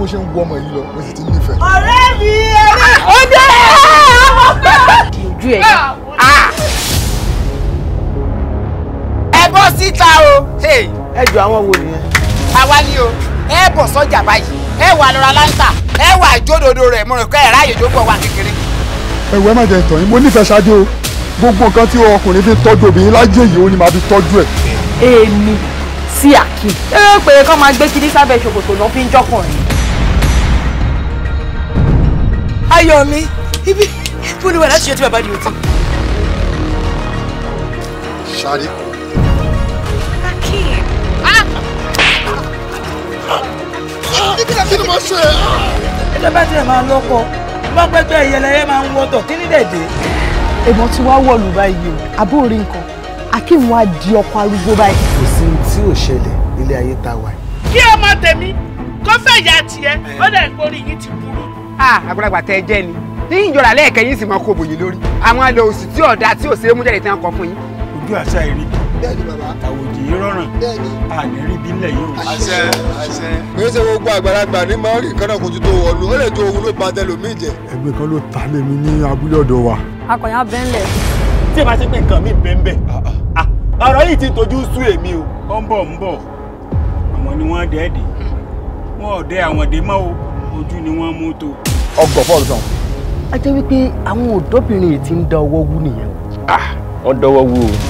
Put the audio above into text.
mo ṣe ń wo ọmọ yìí lọ mo sì ti nífẹ̀ẹ́. ọ̀rẹ́ mi eré. ó dé ọmọ fẹ́. kì í ju ẹ̀yìn. Ah! ẹ bọ́ síta o. ẹ jọ àwọn wo nìyẹn. àwa ni o ẹ bọ̀ sọ́jà báyìí ẹ wà lọ́ra láńtà ẹ wà jódodo rẹ̀ mo rò pé ẹ̀rá àyèjò gbọ̀ wà kékeré. ẹ̀wù ẹ má jẹ ìtàn yín mo nífẹ̀ẹ́ ṣáájú o gbogbo nǹkan tí ọkùnrin fi tọ́jú obìnrin láyé yìí ó ní máa fi tọ́jú ẹ̀. èmi sí àkíyè. ẹ pé kán máa gbé kiri sábẹ́ ṣòkòtò náà fi ń jọkùnrin. ayọ̀ mi ibi tí mo lè wà You ṣe tí bàbá di òtí. Ṣadé. Akin. Ah! Kí ni mo ṣe? Ẹjọ́ bá tiẹ̀ máa lọ́kọ̀, bá pẹ́pẹ́ ìyẹlẹyẹ máa ń wọ́tọ̀ kí ní dẹ̀dẹ̀. Èmọ̀ tí wàá wọ̀lú báyìí o, àbúrò nǹkan, Akin wá di ọkọ arúgbó báyìí. Kò sí tí ò ṣẹlẹ̀ ilé ayé ta wà. Kí ọmọ tèmi kó fẹ̀yà tiẹ̀, ó dẹ̀ ń porí yìí ti burú àgbàlagbà tẹ ẹ jẹ́ ni ní ìjọra lẹ́ẹ̀kẹ́ yín sì máa kó bòyí lórí àwọn àlọ́ òsì tí ọ̀dà tí òsèré mú jáde tí wọ́n kọ fún yín. ojú àṣà ìrí àwòjì yìí rọrùn àní rí bí nílẹ̀ yìí o. àṣẹ àṣẹ. kì í ṣe gbogbo àgbàlagbà ní máa rí nǹkan náà kojú tó wọnú ó lè ju ohun ló ba tẹlòmíì jẹ. ẹgbẹ́ kan ló ta lé mi ní abúlé ọ̀dọ̀ wa. akọ̀yà bẹ́ńlẹ̀. tí ẹ bá ti pé nǹkan mi bẹ́ẹ̀ bẹ́ẹ̀ ah, ah. Ah, ọ̀rọ̀ yìí ti tojú sú èmi o. ó ń bọ̀ ń bọ̀ àwọn ni o ojú ni wọ́n ọgọ fọlù tán. a jẹ́ wípé àwọn ọ̀dọ́bìnrin yìí ti ń da ọwọ́ wú nìyẹn. ah wọ́n dọwọ́ wú o.